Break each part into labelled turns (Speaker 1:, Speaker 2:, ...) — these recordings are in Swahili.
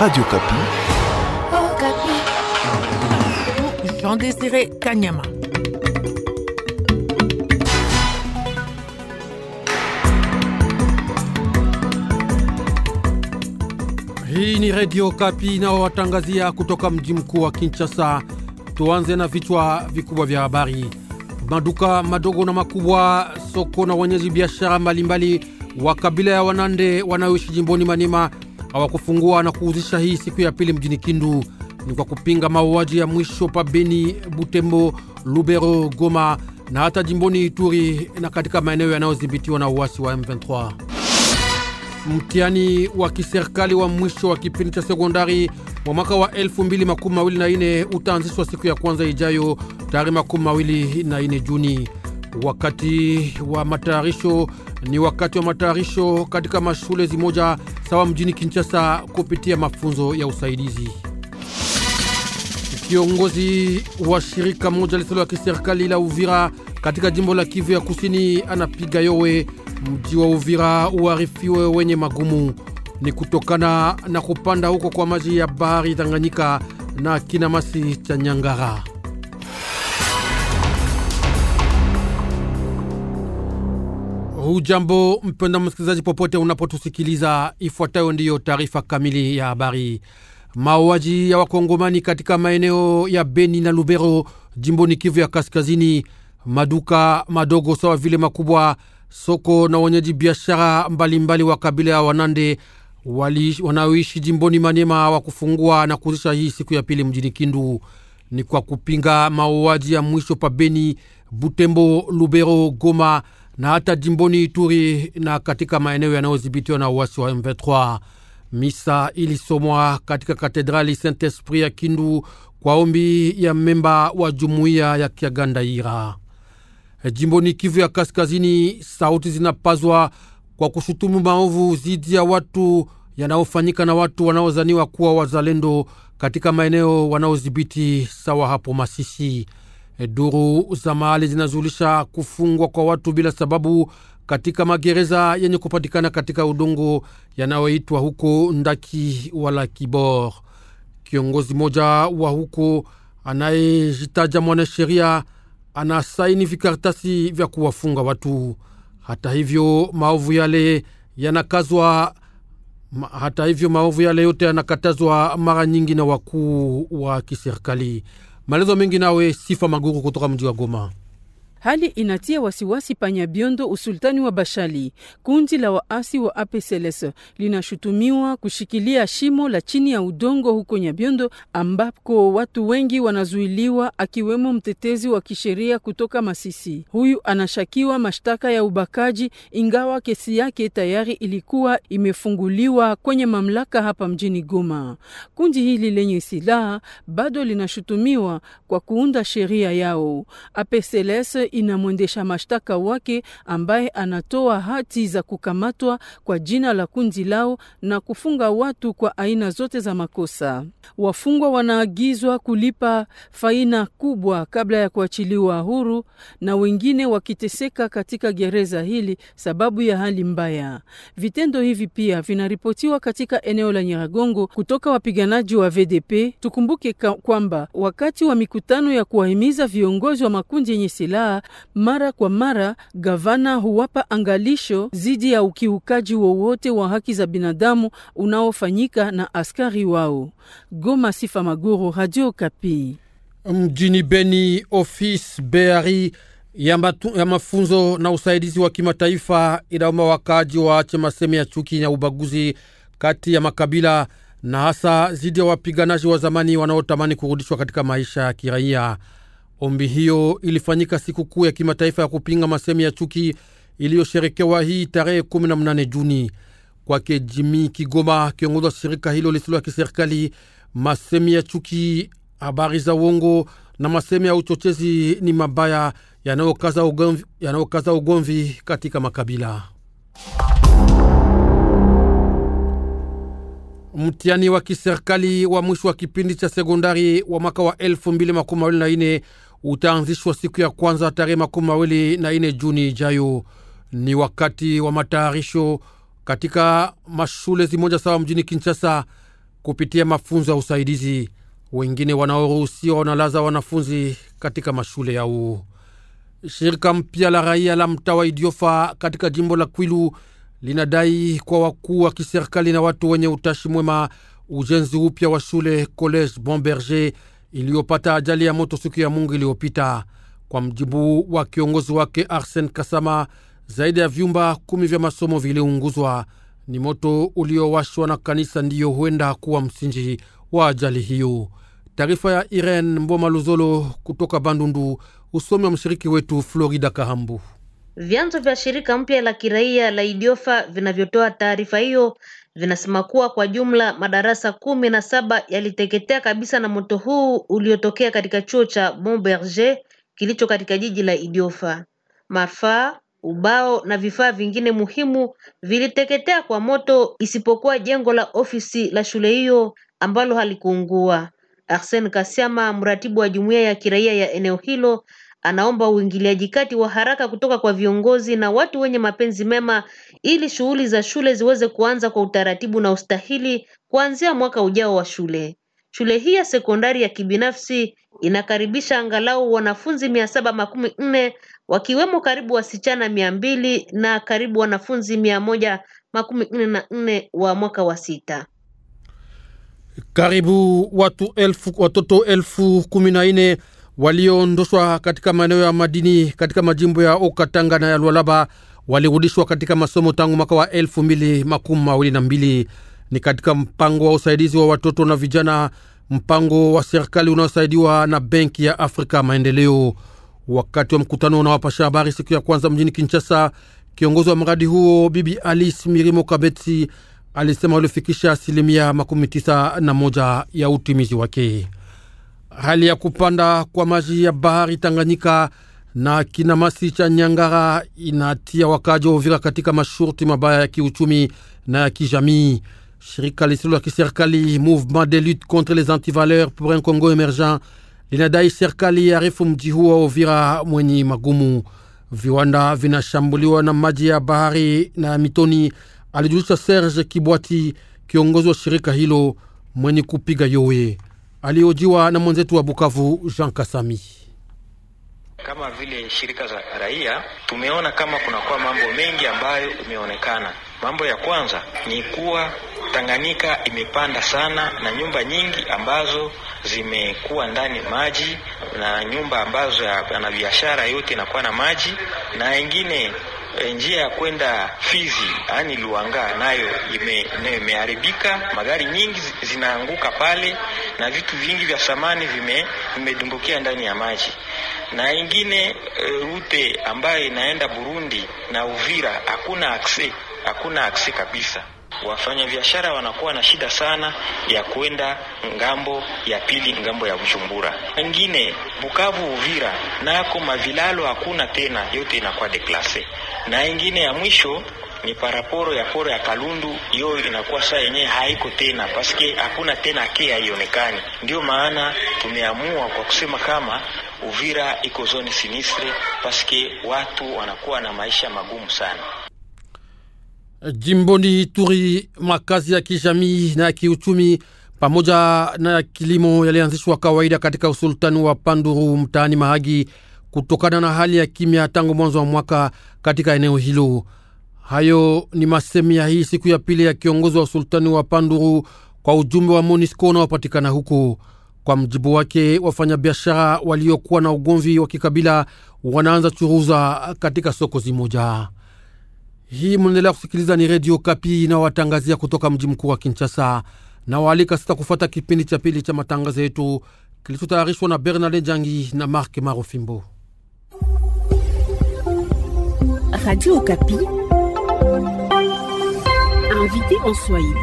Speaker 1: Radio Kapi.
Speaker 2: Oh, Kapi. Jean Désiré Kanyama.
Speaker 3: Hii ni Radio Kapi watangazia kutoka mji mkuu wa Kinshasa. Tuanze na vichwa vikubwa vya habari. Maduka madogo na makubwa, soko na wenyeji biashara mbalimbali wa kabila ya Wanande wanaoishi jimboni Manima hawakufungua na kuhuzisha hii siku ya pili mjini Kindu ni kwa kupinga mauaji ya mwisho pa Beni, Butembo, Lubero, Goma na hata jimboni Ituri na katika maeneo yanayodhibitiwa na uasi wa M23. Mtihani wa kiserikali wa mwisho wa kipindi cha sekondari wa mwaka wa 2024 utaanzishwa siku ya kwanza ijayo tarehe 24 Juni. Wakati wa matayarisho ni wakati wa matayarisho katika mashule zimoja sawa mjini Kinshasa kupitia mafunzo ya usaidizi. Kiongozi wa shirika moja lisilo la kiserikali la Uvira katika jimbo la Kivu ya Kusini anapiga yowe mji wa Uvira uharifiwe wenye magumu ni kutokana na kupanda huko kwa maji ya bahari Tanganyika na kinamasi cha Nyangara. Hujambo mpenda msikilizaji, popote unapotusikiliza, ifuatayo ndiyo taarifa kamili ya habari. Mauaji ya wakongomani katika maeneo ya Beni na Lubero jimboni Kivu ya Kaskazini, maduka madogo sawa vile makubwa, soko na wenyeji biashara mbalimbali wa kabila ya Wanande wanaoishi jimboni Maniema wa kufungua na kuuzisha hii siku ya pili mjini Kindu ni kwa kupinga mauaji ya mwisho pa Beni, Butembo, Lubero, Goma na hata jimboni Ituri na katika maeneo yanayodhibitiwa na uasi wa M23. Misa ilisomwa katika katedrali Saint Esprit ya Kindu kwa ombi ya memba wa jumuiya ya Kiagandaira. Jimboni Kivu ya Kaskazini, sauti zinapazwa kwa kushutumu maovu dhidi ya watu yanayofanyika na watu wanaozaniwa kuwa wazalendo katika maeneo wanaodhibiti sawa hapo Masisi. E, duru za mahali zinazulisha kufungwa kwa watu bila sababu katika magereza yenye kupatikana katika udongo yanayoitwa huko Ndaki wala Kibor. Kiongozi moja wa huko anayejitaja mwanasheria anasaini vikaratasi vya kuwafunga watu. Hata hivyo maovu yale yanakazwa ma, hata hivyo maovu yale yote yanakatazwa mara nyingi na wakuu wa kiserikali. Maelezo mengi nawe Sifa Maguru kutoka mji wa Goma.
Speaker 2: Hali inatia wasiwasi Panyabiondo, usultani wa Bashali. Kundi la waasi wa APCLS linashutumiwa kushikilia shimo la chini ya udongo huko Nyabiondo, ambapo watu wengi wanazuiliwa, akiwemo mtetezi wa kisheria kutoka Masisi. Huyu anashakiwa mashtaka ya ubakaji, ingawa kesi yake tayari ilikuwa imefunguliwa kwenye mamlaka hapa mjini Goma. Kundi hili lenye silaha bado linashutumiwa kwa kuunda sheria yao APCLS inamwendesha mashtaka wake ambaye anatoa hati za kukamatwa kwa jina la kundi lao na kufunga watu kwa aina zote za makosa. Wafungwa wanaagizwa kulipa faina kubwa kabla ya kuachiliwa huru, na wengine wakiteseka katika gereza hili sababu ya hali mbaya. Vitendo hivi pia vinaripotiwa katika eneo la Nyiragongo kutoka wapiganaji wa VDP. Tukumbuke kwamba wakati wa mikutano ya kuwahimiza viongozi wa makundi yenye silaha mara kwa mara gavana huwapa angalisho dhidi ya ukiukaji wowote wa haki za binadamu unaofanyika na askari wao. Goma, Sifa Maguru, Radio Kapi. Mjini Beni, ofisi Beari ya, matu, ya mafunzo na usaidizi
Speaker 3: wa kimataifa inaomba wakaaji waache maseme ya chuki na ubaguzi kati ya makabila na hasa dhidi ya wapiganaji wa zamani wanaotamani kurudishwa katika maisha ya kiraia. Ombi hiyo ilifanyika sikukuu ya kimataifa ya kupinga masemi ya chuki iliyosherekewa hii tarehe 18 Juni. Kwake Jimi Kigoma, kiongozi wa shirika hilo lisilo ya kiserikali, masemi ya chuki, habari za uongo na masemi ya uchochezi ni mabaya yanayokaza ugomvi, yanayokaza ugomvi katika makabila. Mtihani wa kiserikali wa mwisho wa kipindi cha sekondari wa mwaka wa 2024 utaanzishwa siku ya kwanza tarehe makumi mawili na ine Juni ijayo. Ni wakati wa matayarisho katika mashule zimoja sawa mjini Kinshasa kupitia mafunzo ya usaidizi. Wengine wanaoruhusiwa wanalaza wanafunzi katika mashule yao. Shirika mpya la raia la wa Idiofa katika jimbo la Kwilu linadai kwa wakuu wa kiserikali na watu wenye utashi mwema ujenzi upya wa shule College Bomberger iliyopata ajali ya moto siku ya Mungu iliyopita. Kwa mjibu wa kiongozi wake Arsen Kasama, zaidi ya vyumba kumi vya masomo viliunguzwa. Ni moto uliowashwa na kanisa ndiyo huenda kuwa msingi wa ajali hiyo. Taarifa ya Irene Mboma Luzolo kutoka Bandundu, usomi wa mshiriki wetu Florida Kahambu.
Speaker 2: Vyanzo vya
Speaker 4: shirika mpya la kiraia la Idiofa vinavyotoa taarifa hiyo vinasema kuwa kwa jumla madarasa kumi na saba yaliteketea kabisa na moto huu uliotokea katika chuo cha Montberger kilicho katika jiji la Idiofa. Mafaa, ubao na vifaa vingine muhimu viliteketea kwa moto, isipokuwa jengo la ofisi la shule hiyo ambalo halikuungua. Arsene Kasiama, mratibu wa jumuiya ya kiraia ya eneo hilo, anaomba uingiliaji kati wa haraka kutoka kwa viongozi na watu wenye mapenzi mema ili shughuli za shule ziweze kuanza kwa utaratibu na ustahili kuanzia mwaka ujao wa shule. Shule hii ya sekondari ya kibinafsi inakaribisha angalau wanafunzi mia saba makumi nne wakiwemo karibu wasichana mia mbili na karibu wanafunzi mia moja makumi nne na nne wa mwaka wa sita.
Speaker 3: Karibu watu elfu, watoto elfu kumi na nne walioondoshwa katika maeneo ya madini katika majimbo ya Okatanga na ya Lualaba walirudishwa katika masomo tangu mwaka wa elfu mbili makumi mawili na mbili. Ni katika mpango wa usaidizi wa watoto na vijana, mpango wa serikali unaosaidiwa na Benki ya Afrika Maendeleo. Wakati wa mkutano unawapasha habari siku ya kwanza mjini Kinshasa, kiongozi wa mradi huo Bibi Alice Mirimo Kabetsi alisema waliofikisha asilimia makumi tisa na moja ya utimizi wake hali ya kupanda kwa maji ya bahari Tanganyika na kinamasi cha Nyangara inatia wakaji wa Uvira katika masharti mabaya ya kiuchumi na ya kijamii. Shirika lisilo la kiserikali Mouvement de lutte contre les antivaleurs pour un Congo emergent linadai serikali yarifu mji huo wa Uvira mwenye magumu. Viwanda vinashambuliwa na maji ya bahari na ya mitoni, alijulisha Serge Kibwati, kiongozi wa shirika hilo mwenye kupiga yowe aliyojiwa na mwenzetu wa Bukavu Jean Kasami.
Speaker 5: Kama vile shirika za raia tumeona kama kunakuwa mambo mengi ambayo imeonekana. Mambo ya kwanza ni kuwa Tanganyika imepanda sana na nyumba nyingi ambazo zimekuwa ndani maji na nyumba ambazo yana biashara yote inakuwa na maji na ingine Eh, njia ya kwenda Fizi yani Luanga nayo imeharibika, ime magari nyingi zinaanguka pale na vitu vingi vya samani vimedumbukia vime ndani ya maji na ingine eh, rute ambayo inaenda Burundi na Uvira hakuna akse, hakuna akse kabisa. Wafanyabiashara wanakuwa na shida sana ya kwenda ngambo ya pili, ngambo ya Bujumbura. Ingine Bukavu, Uvira nako mavilalo hakuna tena, yote inakuwa deklase na ingine ya mwisho ni paraporo ya poro ya Kalundu, hiyo inakuwa saa yenyewe haiko tena, paske hakuna tena ke haionekani. Ndio maana tumeamua kwa kusema kama Uvira iko zone sinistre, paske watu wanakuwa na maisha magumu
Speaker 3: sana. Jimboni Ituri, makazi ya kijamii na ya kiuchumi pamoja na ya kilimo yalianzishwa kawaida katika usultani wa Panduru mtaani Mahagi kutokana na hali ya kimya tangu mwanzo wa mwaka katika eneo hilo. Hayo ni masemi ya hii siku ya pili ya kiongozi wa usultani wa Panduru kwa ujumbe wa MONUSCO unaopatikana huko. Kwa mjibu wake, wafanyabiashara waliokuwa na ugomvi wa kikabila wanaanza churuza katika soko zimoja. Hii mnaendelea kusikiliza, ni Redio Kapi inayowatangazia kutoka mji mkuu wa Kinshasa na waalika sasa kufuata kipindi cha pili cha matangazo yetu kilichotayarishwa na Bernard Jangi na Mark Marofimbo.
Speaker 2: Radio
Speaker 4: Okapi, invité en Swahili.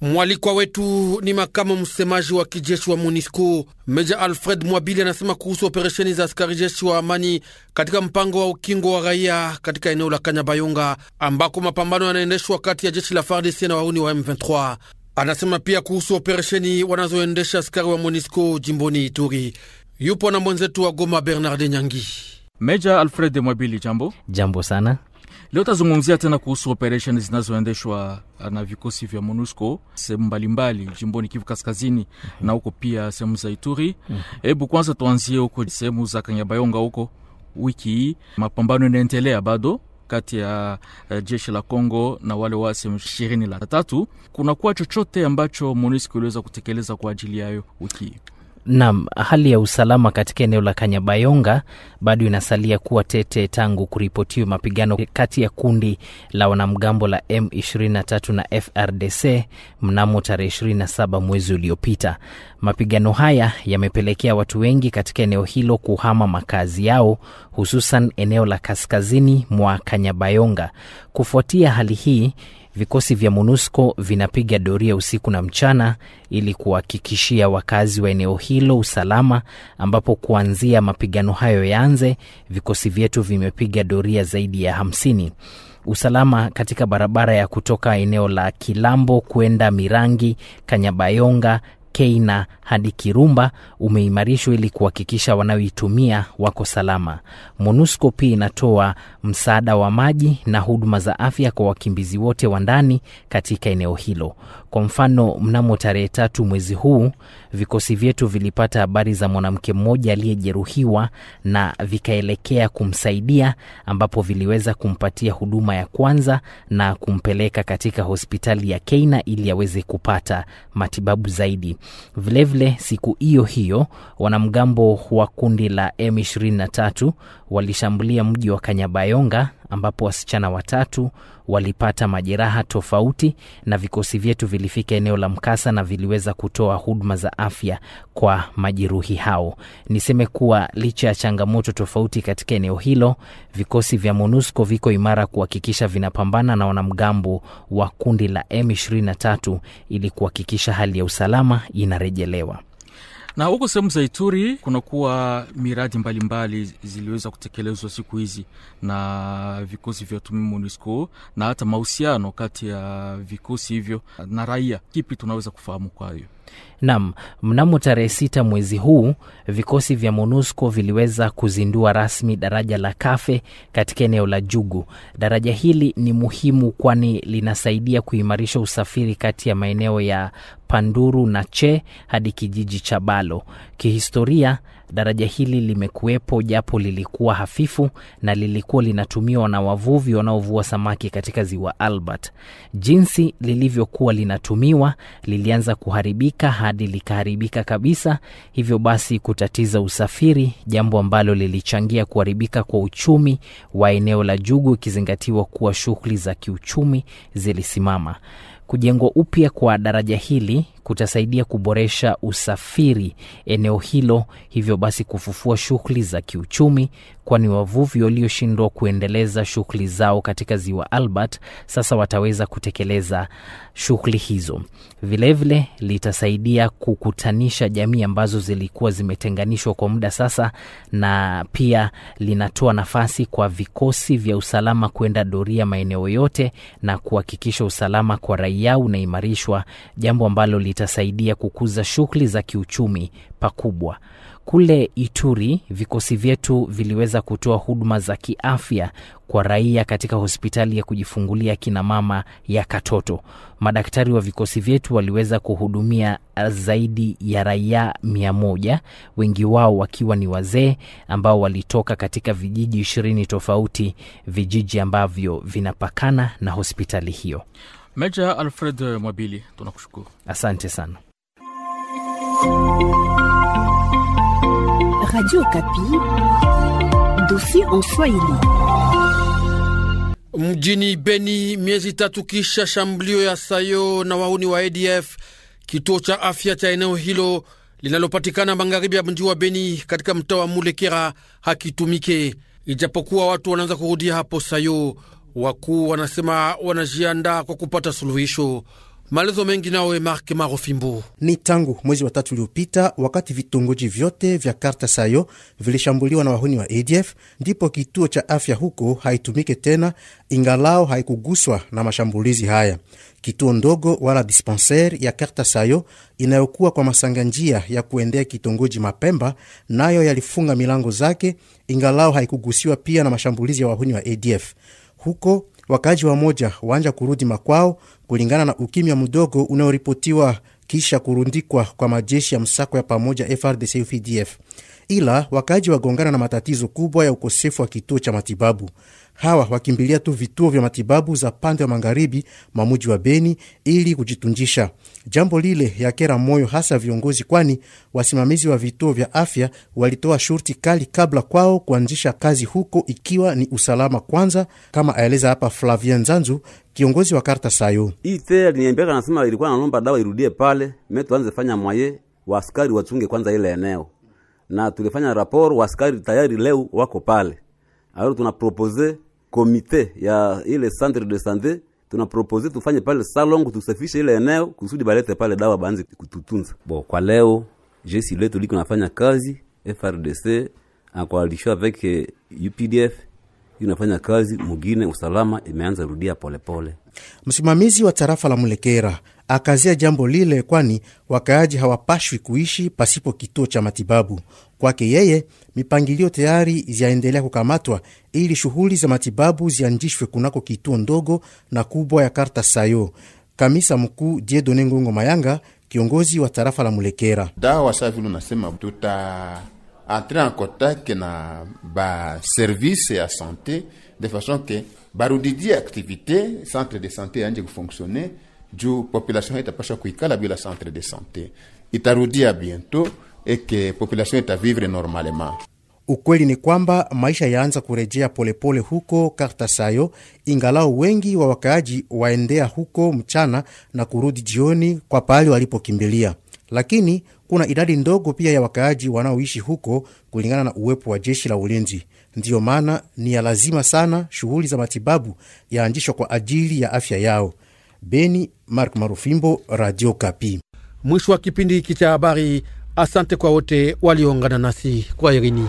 Speaker 3: Mwalikwa wetu ni makamu msemaji wa kijeshi wa MONUSCO Meja Alfred Mwabili anasema kuhusu operesheni za askari jeshi wa amani katika mpango wa ukingo wa raia katika eneo la Kanyabayonga ambako mapambano yanaendeshwa kati ya jeshi la FARDC na wauni wa M23. Anasema pia kuhusu operesheni wanazoendesha askari wa MONUSCO jimboni Ituri. Yupo na mwenzetu wa Goma Bernarde Nyangi. Meja Alfred Mwabili, jambo.
Speaker 4: Jambo sana.
Speaker 6: Leo tazungumzia tena kuhusu operation zinazoendeshwa na vikosi vya MONUSCO sehemu mbalimbali jimboni Kivu Kaskazini mm-hmm. na huko pia sehemu za Ituri. Mhm. Hebu mm-hmm. kwanza tuanzie huko sehemu za Kanyabayonga. Huko wiki hii mapambano yanaendelea bado kati ya eh, jeshi la Kongo na wale wa sehemu M23. Kunakuwa chochote ambacho MONUSCO iliweza kutekeleza kwa ajili yayo wiki hii?
Speaker 4: Naam, hali ya usalama katika eneo la Kanyabayonga bado inasalia kuwa tete tangu kuripotiwa mapigano kati ya kundi la wanamgambo la M23 na FRDC mnamo tarehe 27 mwezi uliopita. Mapigano haya yamepelekea watu wengi katika eneo hilo kuhama makazi yao, hususan eneo la kaskazini mwa Kanyabayonga. Kufuatia hali hii Vikosi vya MONUSCO vinapiga doria usiku na mchana ili kuhakikishia wakazi wa eneo hilo usalama, ambapo kuanzia mapigano hayo yaanze, vikosi vyetu vimepiga doria zaidi ya hamsini. Usalama katika barabara ya kutoka eneo la Kilambo kwenda Mirangi, Kanyabayonga, Keina hadi Kirumba umeimarishwa ili kuhakikisha wanaoitumia wako salama. MONUSCO pia inatoa msaada wa maji na huduma za afya kwa wakimbizi wote wa ndani katika eneo hilo. Kwa mfano, mnamo tarehe tatu mwezi huu vikosi vyetu vilipata habari za mwanamke mmoja aliyejeruhiwa na vikaelekea kumsaidia, ambapo viliweza kumpatia huduma ya kwanza na kumpeleka katika hospitali ya Keina ili aweze kupata matibabu zaidi. Vilevile vile, siku hiyo hiyo wanamgambo wa kundi la M23 walishambulia mji wa Kanyabayonga ambapo wasichana watatu walipata majeraha tofauti, na vikosi vyetu vilifika eneo la mkasa na viliweza kutoa huduma za afya kwa majeruhi hao. Niseme kuwa licha ya changamoto tofauti katika eneo hilo, vikosi vya MONUSCO viko imara kuhakikisha vinapambana na wanamgambo wa kundi la M23 ili kuhakikisha hali ya usalama inarejelewa.
Speaker 6: Na huko sehemu za Ituri kunakuwa miradi mbalimbali ziliweza kutekelezwa siku hizi na vikosi vya tumi MONUSCO na hata mahusiano kati ya vikosi hivyo na raia,
Speaker 4: kipi tunaweza kufahamu kwa hiyo? Nam, mnamo tarehe sita mwezi huu vikosi vya MONUSCO viliweza kuzindua rasmi daraja la Kafe katika eneo la Jugu. Daraja hili ni muhimu, kwani linasaidia kuimarisha usafiri kati ya maeneo ya Panduru na Che hadi kijiji cha Balo. Kihistoria, Daraja hili limekuwepo japo lilikuwa hafifu na lilikuwa linatumiwa na wavuvi wanaovua samaki katika ziwa Albert. Jinsi lilivyokuwa linatumiwa, lilianza kuharibika hadi likaharibika kabisa, hivyo basi kutatiza usafiri, jambo ambalo lilichangia kuharibika kwa uchumi wa eneo la Jugu, ikizingatiwa kuwa shughuli za kiuchumi zilisimama. Kujengwa upya kwa daraja hili kutasaidia kuboresha usafiri eneo hilo, hivyo basi kufufua shughuli za kiuchumi, kwani wavuvi walioshindwa kuendeleza shughuli zao katika ziwa Albert sasa wataweza kutekeleza shughuli hizo. Vilevile litasaidia kukutanisha jamii ambazo zilikuwa zimetenganishwa kwa muda sasa, na pia linatoa nafasi kwa vikosi vya usalama kwenda doria maeneo yote na kuhakikisha usalama kwa raia unaimarishwa, jambo ambalo litasaidia kukuza shughuli za kiuchumi pakubwa. Kule Ituri, vikosi vyetu viliweza kutoa huduma za kiafya kwa raia katika hospitali ya kujifungulia kinamama ya Katoto. Madaktari wa vikosi vyetu waliweza kuhudumia eh, zaidi ya raia mia moja, wengi wao wakiwa ni wazee ambao walitoka katika vijiji ishirini tofauti, vijiji ambavyo vinapakana na hospitali hiyo. Meja Alfred
Speaker 6: Mwabili, tunakushukuru.
Speaker 4: Asante sana.
Speaker 2: Radio Kapi, dosi en Swahili.
Speaker 3: Mjini Beni, miezi tatu kisha shambulio ya sayo na wauni wa ADF, kituo cha afya cha eneo hilo linalopatikana magharibi ya mji wa Beni katika mtaa wa Mulekera hakitumike, ijapokuwa watu wanaanza kurudia hapo sayo. Wakuu wanasema wanajiandaa kwa kupata suluhisho. Maelezo mengi nawe
Speaker 1: Mark Marofimbo. Ni tangu mwezi wa tatu uliopita, wakati vitongoji vyote vya Karta Sayo vilishambuliwa na wahuni wa ADF, ndipo kituo cha afya huko haitumike tena, ingalao haikuguswa na mashambulizi haya. Kituo ndogo wala dispenser ya Karta Sayo inayokuwa kwa masanga njia ya kuendea kitongoji Mapemba, nayo yalifunga milango zake, ingalao haikugusiwa pia na mashambulizi ya wahuni wa ADF. Huko wakaji wa moja waanja kurudi makwao kulingana na ukimya mdogo unaoripotiwa kisha kurundikwa kwa majeshi ya msako ya pamoja FRDC UPDF ila wakaaji wagongana na matatizo kubwa ya ukosefu wa kituo cha matibabu. Hawa wakimbilia tu vituo vya matibabu za pande wa magharibi mamuji wa Beni ili kujitunjisha. Jambo lile yakera moyo hasa viongozi, kwani wasimamizi wa vituo vya afya walitoa shurti kali kabla kwao kuanzisha kazi huko, ikiwa ni usalama kwanza, kama aeleza hapa Flavien Nzanzu, kiongozi wa Karta Sayo.
Speaker 5: te aliniambia nasema ilikuwa nalomba dawa irudie pale metuanze fanya mwaye waaskari wachunge kwanza ile eneo na tulifanya rapor, waskari tayari leo wako pale. Alors tunapropose komite ya ile centre de santé tunapropose tufanye pale salongo tusafishe ile eneo kusudi balete pale dawa banze kututunza. Bo, kwa leo jeshi letu liko nafanya kazi FRDC en coalition avec eh, UPDF inafanya kazi mugine, usalama imeanza rudia polepole.
Speaker 1: Msimamizi wa tarafa la Mulekera akazia jambo lile, kwani wakaaji hawapashwi kuishi pasipo kituo cha matibabu. Kwake yeye, mipangilio tayari ziaendelea kukamatwa ili shughuli za matibabu zianjishwe kunako kituo ndogo na kubwa ya Karta Sayo. Kamisa mkuu Diedone Ngongo Mayanga, kiongozi wa tarafa la Mulekera: dawa vile unasema tuta entre en contact na ba service ya sante de façon barudidie activité centre de sante kufonctionner juu population itapasha kuikala bila centre de sante, itarudia biento eke population itavivre normalement. Ukweli ni kwamba maisha yaanza kurejea polepole huko Kartasayo, ingalao wengi wa wakaaji waendea huko mchana na kurudi jioni kwa pahali walipokimbilia, lakini kuna idadi ndogo pia ya wakaaji wanaoishi huko kulingana na uwepo wa jeshi la ulinzi. Ndiyo maana ni ya lazima sana shughuli za matibabu yaanjishwa kwa ajili ya afya yao. Beni, Mark Marufimbo, Radio
Speaker 3: Kapi. Mwisho wa kipindi hiki cha habari. Asante kwa wote walioungana nasi kwa Irini.